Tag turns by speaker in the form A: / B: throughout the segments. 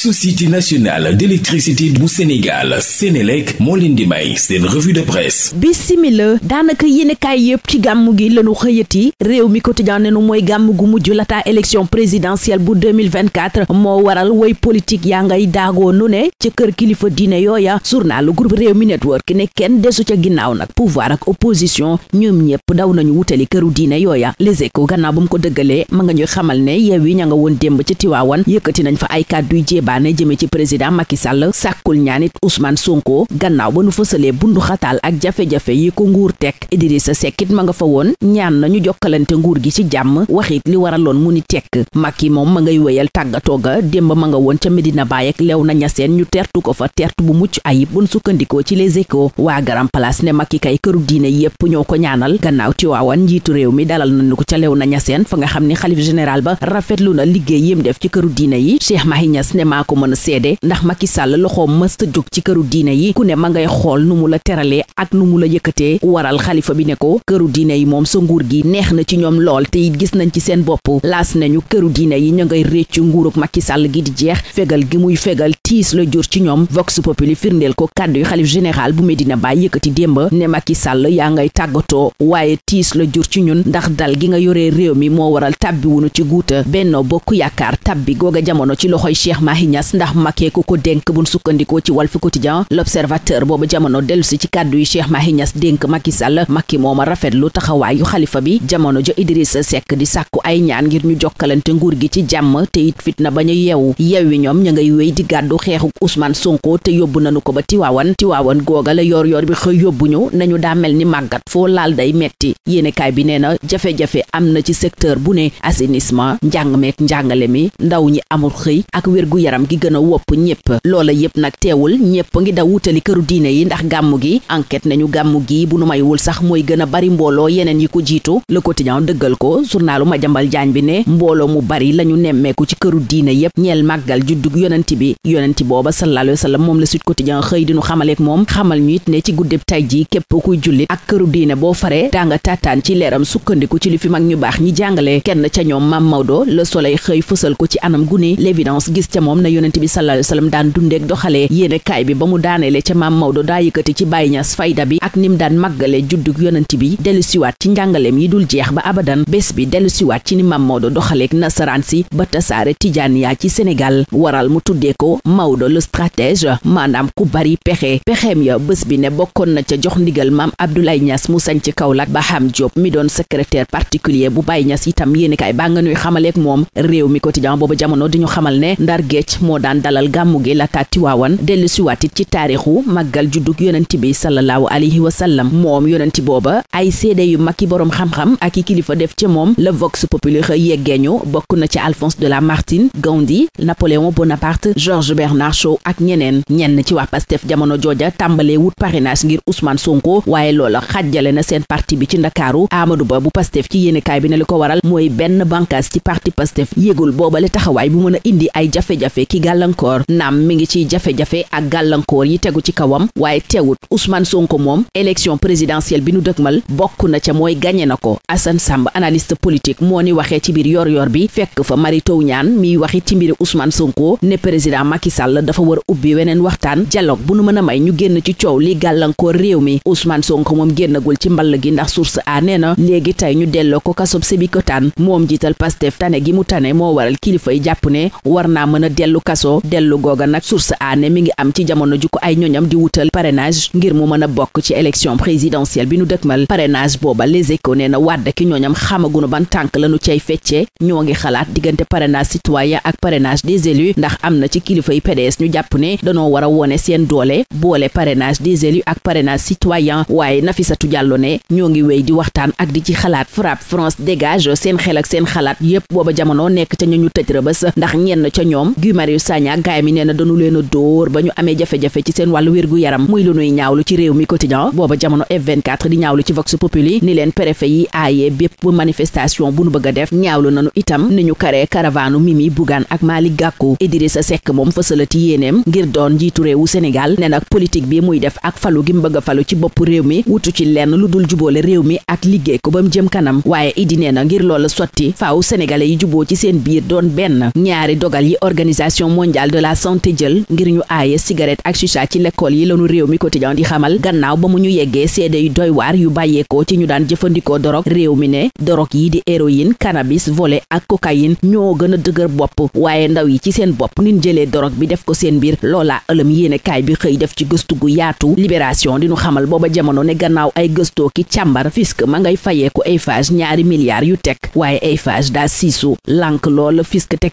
A: société nationale d'électricité bu Sénégal di may seen revue de presse bi simila daanaka yéenekaay yëpp ci gàmm gi lañu xëyati réew mi quotidien nenu mooy gàmm gu mujj lataa élection présidentielle bu 2024 moo waral woy politique yaa ngay daagoo nu ne ca kër kilifa diine yooya journalu groupe réew mi network ne kenn desu ca ginnaaw nag pouvoir ak opposition ñoom ñëpp daw nañu wutali këru diine yooya les gannaaw ba mu ko dëggalee ma nga ñuy xamal ne yeew yi ña nga woon démb ci tiwaawan yëkkati nañ fa ay kàdduy jéeba yóbbaane jëme ci président Macky Sall sàkkul ñaanit Ousmane Sonko gannaaw ba nu fësalee bundu xataal ak jafe-jafe yi ko nguur tekk Idrissa a it ma nga fa woon ñaan nañu jokkalante nguur gi ci jàmm waxit li waraloon mu ni tekk Macky moom ma ngay wéyal tàggatoo ga démb ma nga woon ca Medina Baye ak Léona Niassène ñu tertu ko fa tertu bu mucc ayib buñ sukkandikoo ci les échos waa garam place ne Macky kay këru diine yépp ñoo ko ñaanal gannaaw Tiwaawan njiitu mi dalal nañu ko ca Léona na liggéey yim def ci këru maa ko mën a seede ndax Macky Sall loxoo mësta jóg ci këru diine yi ku ne ma ngay xool nu mu la teralee ak nu mu la yëkkatee waral xalifa bi ne ko këru diine yi moom sa nguur gi neex na ci ñoom lool te gis nañ ci seen bopp laas nañu këru diine yi ñu ngay réccu nguurug Macky sàll gi di jeex fegal gi muy fegal tiis la jur ci ñoom vox populi firndeel ko kàddu yu xalif général bu Medina Baye yëkkati démba ne Macky Sall yaa ngay tàggatoo waaye tiis la jur ci ñun ndax dal gi nga yoree réew mi moo waral tàbbiwunu ci guuta Benno Bokk Yaakaar Niass ndax Macky ku ko dénk buñ sukkandikoo ci Walf Quotidien L'Observateur boobu jamono dellu si ci kàddu yi Cheikh Mahi Niass dénk Macky Sall rafet lu rafetlu yu xalifa bi jamono ja Idrissa Seck di sàkku ay ñaan ngir ñu jokkalante nguur gi ci jàmm te it fitna ñu a yeewu yeewi ñoom ña ngay wéy di gàddu xeexuk Ousmane Sonko te yóbbu nanu ko ba Tiwaawan Tiwaawan googa la yoor yoor bi xëy yóbbu ñu nañu daa mel ni màggat foo laal day metti yéenekaay bi nee na jafe am na ci secteur bu ne assainissement njàng njàngale mi ndaw ñi amul xëy ak yaram yaram gi gën a wopp ñépp loola yépp nag teewul ñépp ngi daw wutali këru diine yi ndax gàmmu gi enquête nañu gàmmu gi bu nu maywul sax mooy gën a bari mbooloo yeneen yi ko jiitu le quotidien dëggal ko journalu Madiambal Diagne bi ne mbooloo mu bari lañu nemmeeku ci këru diine yépp ñeel màggal juddug yonent bi yonent booba sallallahu alayhi wa sallam moom la Sud Quotidien xëy dinu xamaleek moom xamal ñu it ne ci guddeb tay ji képp kuy jullit ak këru diine boo fare danga tàttaan ci leeram sukkandiku ci li fi yonent bi sallallahu alayhi wa sallam daan dundeek doxalee yéene kaay bi ba mu daaneele ca maam Maodo daa yëkkati ci Baye Niass fayda bi ak nim daan màggale juddug yonent bi dellu siwaat ci njàngaleem yi dul jeex ba abadan bés bi dellu siwaat ci ni maam Maodo doxaleek nasaraan si ba tasaare yaa ci Sénégal waral mu tuddee ko Maodo le stratège maanaam ku bari pexe pexeem ya bés bi ne bokkoon na ca jox ndigal maam Abdoulaye Niass mu sañ ci Kaolack ba xam Diop mi doon secrétaire particulier bu Baye Niass itam yéene kaay moo daan dalal gàmmu gi laata Tiwaawan dellu siwaatit ci taarixu màggal juddug yonent bi sallallahu alayhi wa sallam moom yonent booba ay seede yu mag yi boroom xam-xam ak i kilifa def ci moom la vox populi xëy yeggeeñu bokk na ci Alphonse de la Lamartine Gandhi Napoléon Bonaparte Georges Bernard Shaw ak ñeneen ñenn ci waa Pastef jamono jooja tàmbalee wut parrainage ngir Ousmane Sonko waaye loola xajjale na seen parti bi ci Ndakaaru Amadou Ba bu Pastef ci yéenekaay bi ne li ko waral mooy benn ci parti Pastef yégul boobale taxawaay bu mën a indi ay jafe ki gàllankoor naam mi ngi ci jafe-jafe ak gàllankoor yi tegu ci kawam waaye teewut Ousmane Sonko moom élection présidentielle bi nu dëgmal bokk na ca mooy gañe na ko Assane Samb analyste politique moo ni waxee ci biir yor yor bi fekk fa Mary Teuw Niane miy waxi ci mbiri Ousmane Sonko ne président Macky Sall dafa war a ubbi weneen waxtaan dialogue bu nu mën a may ñu génn ci coow li gàllankoor réew mi Ousmane Sonko moom génnagul ci mball gi ndax source a nee na léegi tey ñu delloo ko kasob Sébikotane moom jiital Pastef moo waral kilifa yi dellu kaso dellu googa nag source aane mi ngi am ci jamono ju ko ay ñoñam di wutal parrainage ngir mu mën a bokk ci élection présidentielle bi nu dëkmal parrainage booba les échos nee na wàdd ki ñoñam xamagunu ban tànk lañu cay feccee ñoo ngi xalaat diggante parrainage citoyen ak parrainage des élus ndax am na ci kilifa yi PDS ñu jàpp ne danoo war a wone seen doole boole parrainage des élus ak parrainage citoyen waaye Nafissatou Diallo ne ñoo ngi wéy di waxtaan ak di ci xalaat FRAPP France dégage seen xel ak seen xalaat yépp booba jamono nekk ca ñu ñu tëj rëbës ndax ñenn ca ñoom Marius Sagna ak gaayam yi nee na dañu leen a dóor ba ñu amee jafe-jafe ci seen wàllu wér-gu-yaram muy lu nuy ñaawlu ci réew mi quotidien booba jamono F24 di ñaawlu ci vox populi ni leen préfet yi aaye bépp manifestation bu nu bëgg def ñaawlu nanu itam ni ñu karee caravanu Mimi Bougane ak Malick Gakou Idrissa Seck moom fësalati yéeneem ngir doon njiitu ne nag politique bi muy def ak falu gi mu bëgg a falu ci réew mi ci lenn lu dul juboole réew mi ak liggéey ko ba mu jëm kanam waaye idi nee na ngir loola sotti faaw sénégalais yi juboo ci seen biir organisation mondiale de la santé jël ngir ñu aaye cigarette ak chicha ci lekkool yi lanu réew mi quotidien di xamal gannaaw ba mu ñu yeggee seede yu doy waar yu bàyyeekoo yi di héroïne cannabis volet ak cocaïne ñoo gën bi def ko seen biir loolaa ëlëm yéene kaay bi xëy def ci gëstu gu yaatu libération di ñu xamal booba jamono ne gannaaw ay gëstoo ki càmbar fisc ma ngay fayeeku Eiffage ñaari milliards yu teg waaye Eiffage daa siisu lànk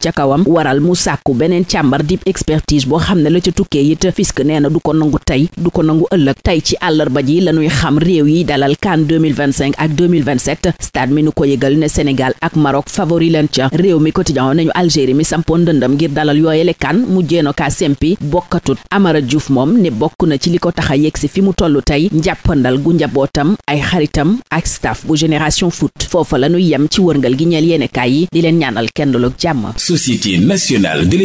A: ca kawam waral mu sàkku beneen càmbar dib expertise boo xam ne la ca tukkee it fisc nee na du ko nangu tey du ko nangu ëllëg tey ci àllarba ji la ñuy xam réew yi dalal CAN 2025 ak 2027 stade mi nu ko yëgal ne Sénégal ak Maroc favori leen ca réew mi quotidien nañu Algérie mi sampoon ndëndam ngir dalal yooyele CAN mu jéenokaa sempi bokkatut Amara Diouf moom ne bokk na ci li ko tax a yegg si fi mu toll tey njàppandal gu njabootam ay xaritam ak staff bu génération foot foofa la ñuy yem ci wërngal gi ñeel yéene yi di leen ñaanal kenn loog jàmm